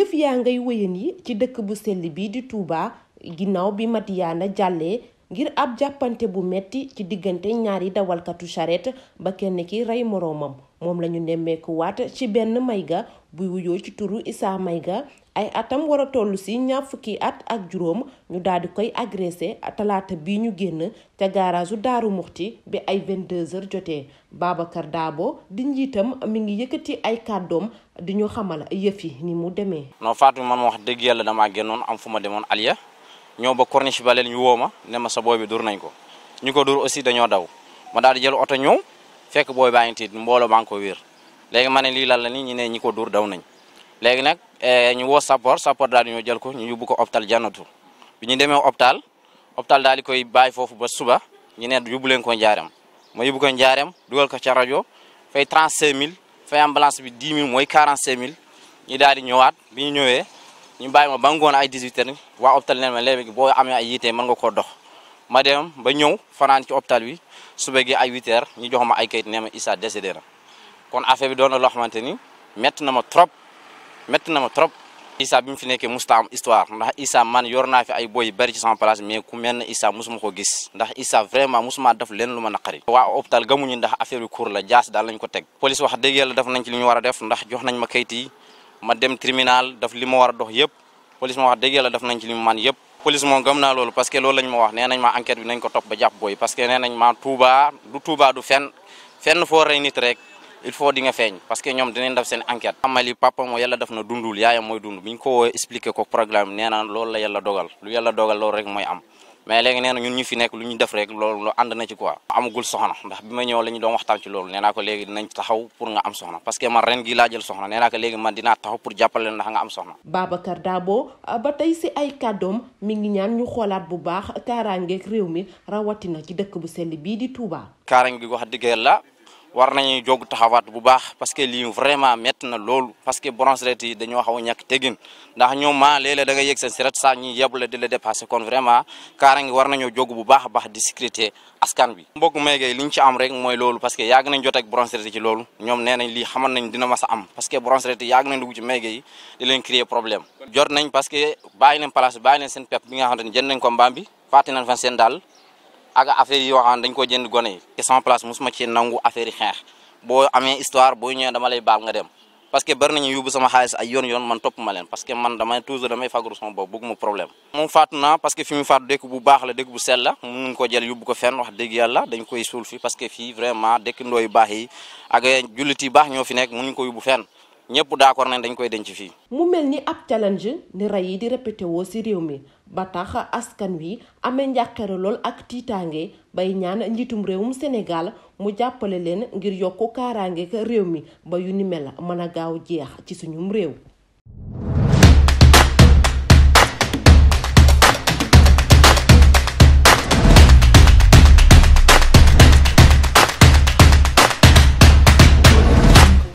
yëf yaa ngay wéyan yi ci dëkk bu sell bii di tuubaa ginnaaw bi na jàllee ngir ab jàppante bu metti ci diggante ñaari dawalkatu charrette ba kenn ki rey moroomam moom lañu nemmeeku waat ci benn mayga buy wuyoo ci turu Issa Mayga ay atam war a toll si ñaar fukki at ak juróom ñu daal di koy agressé talaata bi ñu génn ca gaaraasu Daaru Muxti bi ay 22h jotee Babacar Daabo di njiitam mi ngi yëkkati ay kàddoom di ñu xamal yëf yi ni mu demee. non Fatou man wax dëgg yàlla damaa génnoon am fu ma demoon Aliya. ñoo ba corniche ba leen ñu woo ma ne ma sa booy bi dur nañ ko ñu ko dur aussi dañoo daw ma daal di jël oto ñëw fekk booy baa ngi tiit mbooloo baa ngi ko wéer léegi ma ne lii lan la ni ñu ne ñi ko dur daw nañ léegi nag eh, ñu woo sappoor sappoor daal di ñoo jël ko ñu yóbbu ko hôpital jannatu bi ñu demee hôpital hôpital daal di koy bàyyi foofu ba suba ñu ne yóbbu leen ko njaaram ma yóbbu ko njaaram dugal ko ca rajo fay 35000 fay ambulance bi 10000 mooy 45000 ñu daal di ñëwaat bi ñu ñëwee ñu bàyyi ma ba ay 18 heures waa hôpital neen ma léegi boo amee ay yiitee mën nga koo dox ma dem ba ñëw fanaan ci hôpital bi suba gi ay 8 ñu jox ma ay kayit nee Issa décédé na kon affaire bi doon na loo xamante ni métti na ma trop métti na ma trop Issa bi mu fi nekkee musta am histoire ndax Issa man yor naa fi ay boy yu bëri ci sama place mais ku mel ne Issa musuma ko gis ndax Issa vraiment musuma def leen lu ma naqari waa hôpital gamuñu ndax affaire bi cour la jaas daal lañ ko teg police wax dëgg yàlla def nañ ci li ñu war a def ndax jox nañ ma kayit yi ma dem tribunal daf li ma war a dox yëpp police ma wax dëgg yàlla daf nañ ci li mu man yëpp police moom gëm naa parce que loolu lañ ma wax nee nañ ma enquête bi nañ ko topp ba jàpp booy parce que nee nañ ma Touba du Touba du fenn fenn foo rey rek il faut di nga feeñ parce que ñoom dinañ def seen enquête amali papa moo yàlla def na dundul yaayam mooy dund bi ko woo ko programme nee na loolu la yàlla dogal lu yàlla dogal loolu rek mooy am mais léegi nee na ñun ñu fi nekk lu ñu def rek loolu lu ànd na ci quoi amagul soxna ndax bi ma ñëw la ñu doon waxtaan ci loolu nee naa ko léegi dinañ taxaw pour nga am soxna parce que man ren gi laa jël soxna nee naa ko léegi man dinaa taxaw pour jàppale ndax nga am soxna Babacar Dabo ba tey si ay kàddoom mi ngi ñaan ñu xoolaat bu baax kaaraangeeg réew mi rawatina ci dëkk bu sell bii di Touba kaaraange gi wax dëgg la war nañu jóg taxawaat bu baax parce que lii vraiment métti na loolu parce que borom sareet yi dañoo xaw a ñàkk tegin ndax ñoom ma léeg-léeg da nga yëg saa ñuy yebale di la kon vraiment kaara ngi war nañoo bu baax a baax di sécurité askan bi ci am rek mooy loolu parce que yàgg nañ jot ak borom sareet ci loolu ñoom nee nañ lii dina mas a am parce que borom sareet yàgg nañ dugg ci meegay di leen créer problème jot nañ parce que bi nga xamante ne ak affaire yoo xam ne dañ ko jënd gone yi te sama place mosuma ci nangu affaire yi xeex boo amee histoire boo ñëwee dama lay baal nga dem parce que bari nañu sama xaalis ay yoon yoon man topp ma leen parce que man damay toujours damay fagaru sama bopp bëgguma problème moom faatu na fi mu faatu dëkk bu baax la dëkk bu sell la mun nañ ko jël yóbbu ko fenn wax dëgg yàlla dañ koy suul fi parce que fii baax yi ak jullit yi baax ñoo fi nekk mun ñu ko ñëpp d'accord nañ dañ koy denc fii. mu mel ni ab challenge ni rey yi di répété woo ci réew mi ba tax askan wi amee njàqare lool ak tiitaange bay ñaan njiitum réewum Sénégal mu jàppale leen ngir yokk kaaraangeeg réew mi ba yu ni mel mën a gaaw jeex ci suñum réew.